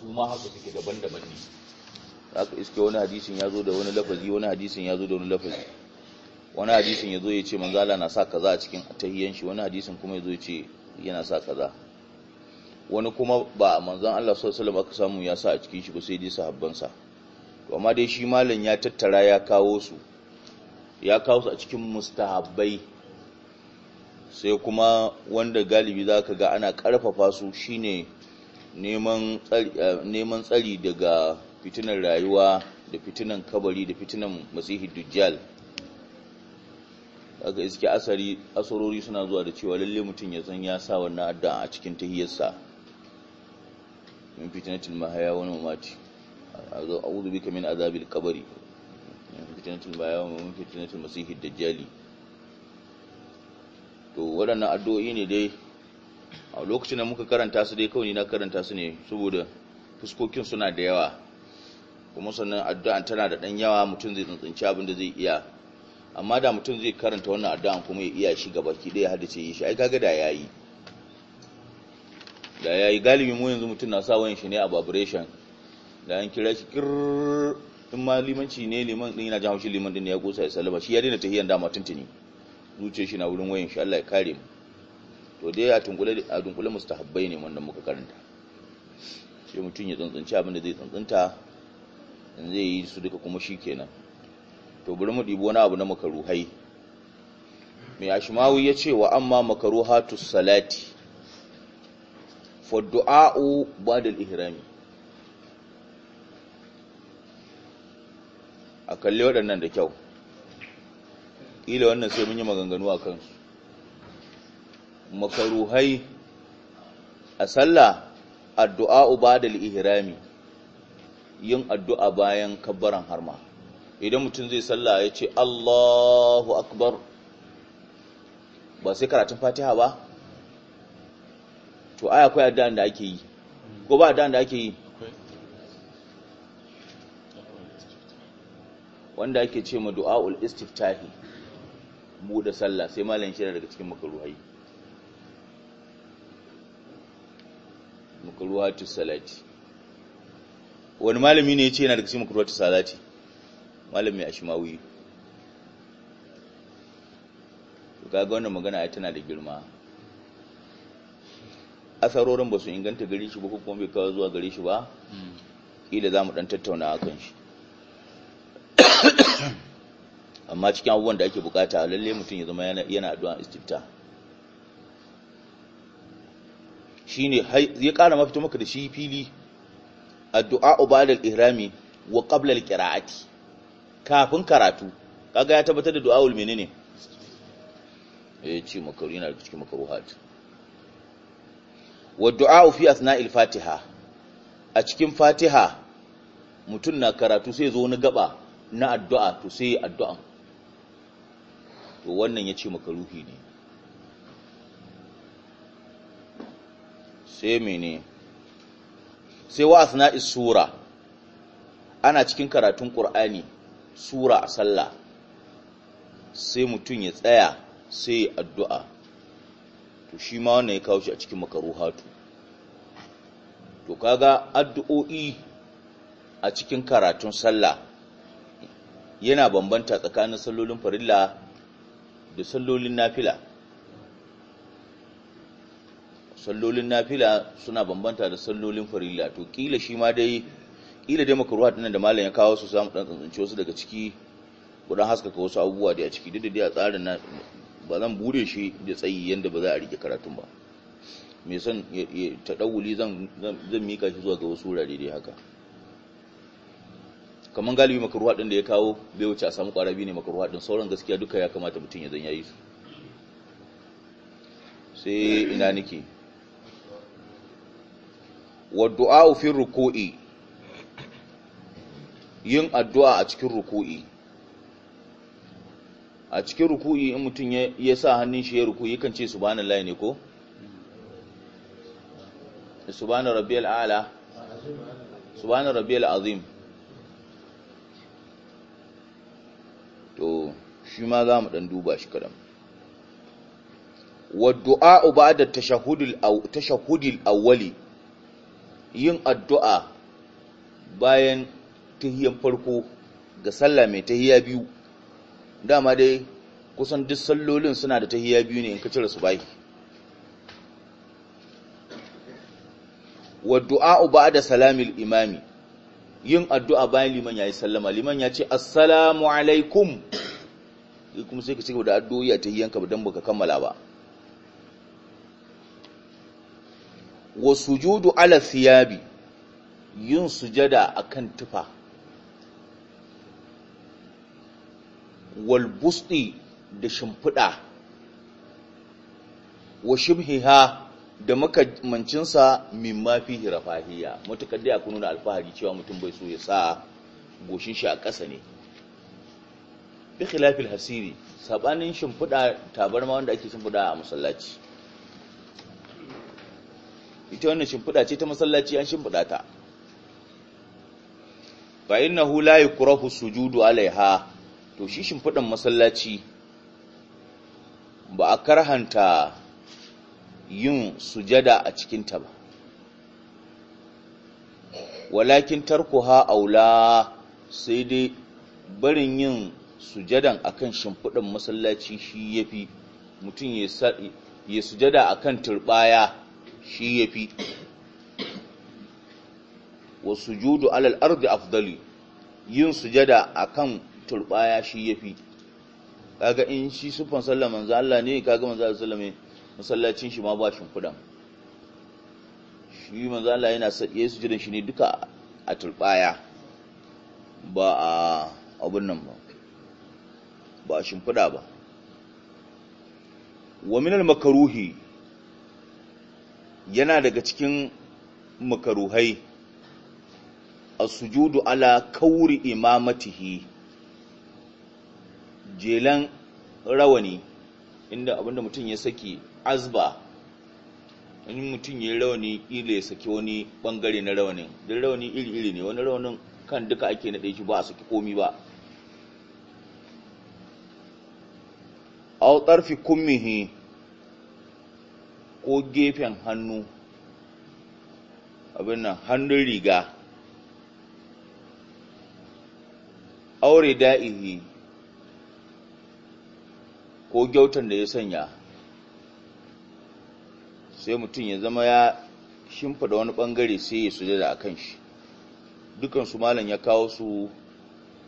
su ma haka suke daban-daban ne ka iske wani hadisin ya zo da wani lafazi wani hadisin ya zo da wani lafazi wani hadisin ya zo ya ce manzala na sa kaza a cikin tahiyan shi wani hadisin kuma ya zo ya ce yana sa kaza wani kuma ba manzan Allah sallallahu alaihi aka samu ya sa a cikin shi ba sai dai sahabbansa to amma dai shi malam ya tattara ya kawo su ya kawo su a cikin mustahabbai sai kuma wanda galibi zaka ga ana karfafa su shine Eh, neman tsari daga fitinan rayuwa da fitinan kabari da fitinan masihi dujjal aka iske asari asarori suna zuwa da cewa lalle mutum ya san ya sa wannan addu'a a cikin tahiyarsa min fitinatul mahaya wa mamati a'udhu bika min azabil qabri min fitinatul mahaya wa min fitinatul masihi dajjali to waɗannan addu'o'i ne dai a lokacin da muka karanta su dai kawai na karanta su ne saboda fuskokin suna da yawa kuma sannan addu'an tana da dan yawa mutum zai tsantsanci abin da zai iya amma da mutum zai karanta wannan addu'an kuma ya iya shi ki dai hada ce yi shi ai kaga da yayi da yayi galibi mu yanzu mutum na sa wayan shi ne a vibration da an kira shi kir in ma limanci ne liman din yana jin shi liman din ya kosa ya sallama shi ya daina tahiyan dama tuntuni zuciyar shi na wurin wayan shi Allah ya kare mu to dai a tunkule a dunkule mustahabbai ne wanda muka karanta sai mutum ya tsantsanci abin da zai tsantsanta, in zai yi su duka kuma shi kenan to bari mu ɗibo wani abu na makaruhai mai ashimawi ya ce wa amma makaruha salati fa du'a'u ba'da ihrami a kalli waɗannan da kyau ƙila wannan sai mun yi maganganu a kansu makaruhai a sallah addu'a da ihrami yin addu'a bayan kabbaran harma idan mutum zai sallah ya ce Allahu akbar ba sai karatun fatiha ba to ai akwai da da ake yi ko ba da da ake yi wanda ake ce ma du'a du'a'ul istiftahi buɗe sallah sai malam shi daga cikin makaruhai makruhatu salati wani malami ne ya ce yana daga cikin makruhatu salati malami ashmawi ga wannan magana ai tana da girma asarorin ba su inganta gare shi ba ko kuma bai kawo zuwa gare shi ba kila za mu dan tattauna akan shi amma cikin abubuwan da ake bukata lalle mutum ya zama yana addu'a istifta Shi ne ya ƙara mafita maka da shi fili addu'a ubadal ihrami wa qabla alqira'ati kafin karatu kaga ya tabbatar da du'aul menene eh ci makaru yana cikin makaruhat wa du'a'u fi athna'il fatiha a cikin fatiha mutum na karatu sai zo na gaba na addu'a to sai addu'a to wannan yace makaruhi ne sai mene sai wa asna'is sura ana cikin karatun ƙur'ani sura a sallah sai mutum ya tsaya sai ya addu'a to shi ma wannan ya kawo shi a cikin makaruhatu to kaga addu'o'i a cikin karatun sallah yana bambanta tsakanin sallolin farilla da sallolin nafila sallolin nafila suna bambanta da sallolin farilla to kila shi ma dai kila dai makaruhat nan da malam ya kawo su samu dan tsantsance wasu daga ciki gudan haskaka wasu abubuwa da a ciki duk da dai a tsarin na ba zan bude shi da tsayi yanda ba za a rike karatun ba mai son ya dawuli zan mika shi zuwa ga wasu wurare dai haka kaman galibi makaruwa din da ya kawo bai wuce a samu kwarabi ne makaruwa din sauran gaskiya duka ya kamata mutum ya zan su sai ina nake wa du'a fi ruku'i yin addu'a a cikin ruku'i a cikin ruku'i in mutum ya sa hannun shi ya ruku'i kan ce subhanallahi ne ko subhana rabbi al’ala subhana rabbi al’azim to shi ma za mu ɗan duba shi kadan wa du'a ba'da da aw awwali yin addu'a bayan tahiyan farko ga sallah mai tahiya biyu dama dai kusan duk sallolin suna da tahiya biyu ne in ka cire su bai wa ba da salamil imami yin addu'a bayan liman ya yi sallama liman ya ce assalamu alaikum kuma sai ka cigaba da addu'o'i a tahiyanka dan baka kammala ba wa sujudu ala siyabi yin sujada akan tufa wal busti da shimfiɗa wa shimhiha da makamancinsa min mafi rafahiya matukar dai kunu na alfahari cewa mutum bai so ya sa goshin shi a ƙasa ne bi khilafil hasiri sabanin shimfiɗa ma wanda ake shimfiɗa a masallaci ita wannan shimfiɗa ce ta masallaci an shimfiɗa ta fa innahu la yukrahu sujudu alaiha to shi shimfiɗan masallaci ba a karhanta yin sujada a cikin ta ba walakin tarkuha aula sai dai barin yin sujadan akan shimfiɗan masallaci shi yafi mutum ya sujada akan turbaya shi ya fi, wa sujudu alal ardi afdali yin sujada akan turbaya shi ya fi. kaga in shi sufan sallah manzo Allah ne kaga manzo sallame masallacin shi ma ba shin kudan shi manzo Allah yana sadiye sujudan shi ne duka a turbaya ba a abun nan ba ba a shimfiɗa ba wa minal makaruhi yana daga cikin makaruhai a sujudu ala kauri imamatihi jelan rawani inda abinda mutum ya saki azba wani mutum ya yi rawani kila ya saki wani bangare na rawanin don rawani iri-iri ne wani rawanin kan duka ake naɗe shi ba a saki komi ba a ƙarfi kummihi ko gefen hannu abin nan hannun riga aure da'ihi ko gyautan da ya sanya sai mutum ya zama ya shimfada wani bangare sai ya sujada a kan shi dukansu malam ya kawo su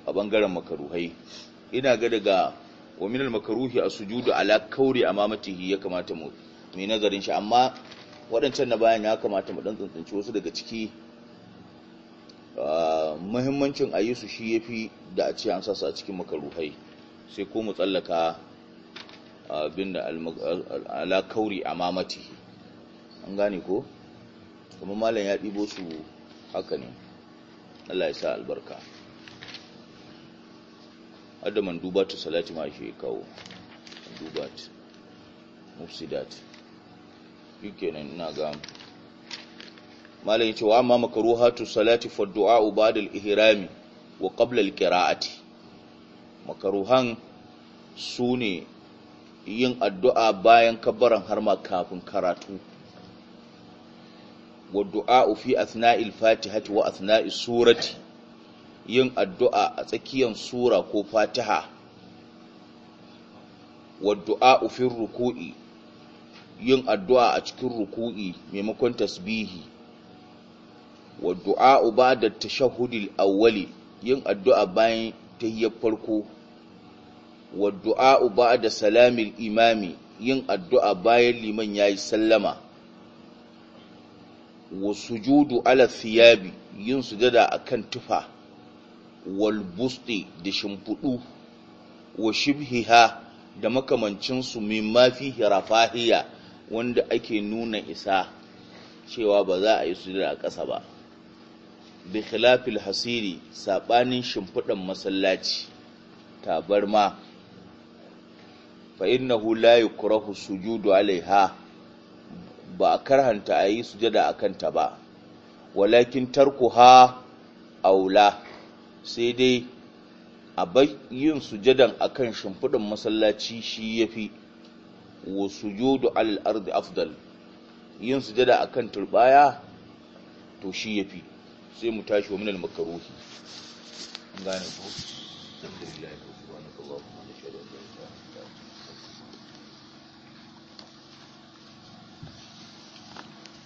a bangaren makaruhai ina ga daga waminal makaruhi a sujudu ala kauri a mamatihi ya kamata mu mai nazarin shi amma waɗancan na bayan ya kamata mu ɗan wasu daga ciki ah, muhimmancin a yi su shi ya fi da a ce an sasa a cikin makaruhai sai ko mu tsallaka ah, abin da alakauri a mamati an gane ko kuma malam ya ɗibo su haka ne Allah ya sa albarka adaman duba ta salati ma shi kawo duba ta shikenan ina ga malai yace wa amma makruhatu salati fa du'a ba'da al-ihrami wa qabla al-qira'ati makruhan sune yin addu'a bayan kabbaran ma kafin karatu wa du'a fi athna'il fatihati wa athna'is surati yin addu'a a tsakiyar sura ko fatiha wa du'a fi ruku'i yin addu'a a cikin ruku'i maimakon tasbihi wa du'a ba'da tashahhudil awwali yin addu'a bayan tahiyyar farko wa du'a da salamil imami yin addu'a bayan liman ya yi sallama wa sujudu ala thiyabi yin sujada kan tufa wal busti da shimfudu wa shibhiha da makamancinsu mai mafi rafahiya wanda ake nuna isa cewa ba za a yi sujada a ƙasa ba bi khilafil hasiri saɓanin shimfidan masallaci tabarma fa innahu la yukrahu sujudu alaiha ba a karhanta a yi sujada akan ta ba walakin tarkuha aula sai dai a yin sujadan akan shimfidan masallaci shi yafi wa sujudu alal ardi afdal yin sujada akan turbaya to shi yafi sai mu tashi wa minal makaruhi gane ko alhamdulillah